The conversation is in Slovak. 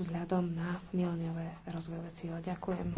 vzhľadom na mileniové rozvojové cieľe. Ďakujem.